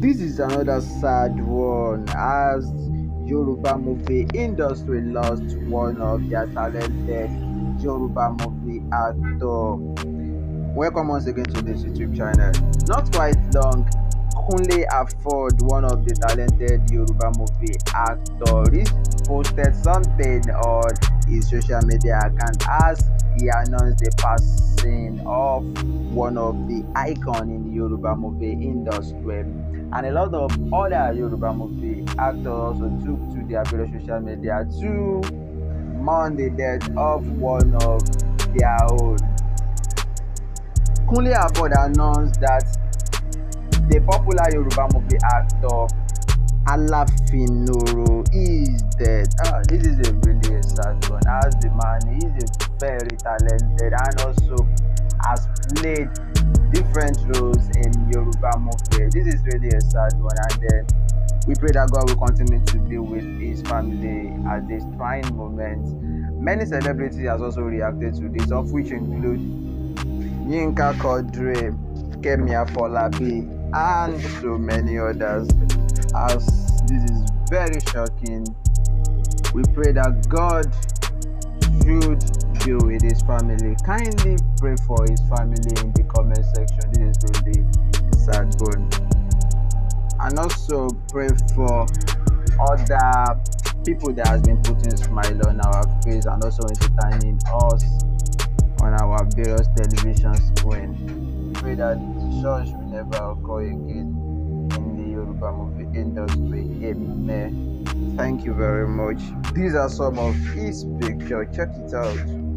This is another sad one as Yoruba movie industry lost one of their talented Yoruba movie actor. Welcome once again to this YouTube channel. Not quite long, Kunle Afford, one of the talented Yoruba movie actors, posted something on his social media account as he announced the passing of one of the icon in the Yoruba movie industry. And a lot of other Yoruba movie actors also took to their social media to mourn the death of one of their own. Kunle Afod announced that the popular Yoruba movie actor Alafinoro is dead. Oh, this is a really sad one. As the man, he is a very talented and also has played different roles in Yoruba movie. This is really a sad one, and then we pray that God will continue to be with His family at this trying moment. Many celebrities has also reacted to this, of which include Yinka Kodre, Kemi Afolabi, and so many others. As this is very shocking, we pray that God should deal with his family. Kindly pray for his family in the comment section. This is really sad bone. And also pray for other people that has been putting smile on our face and also entertaining us on our various television screen pray that such will never occur again in the Yoruba movie industry. Amen. Thank you very much. These are some of his pictures. Check it out.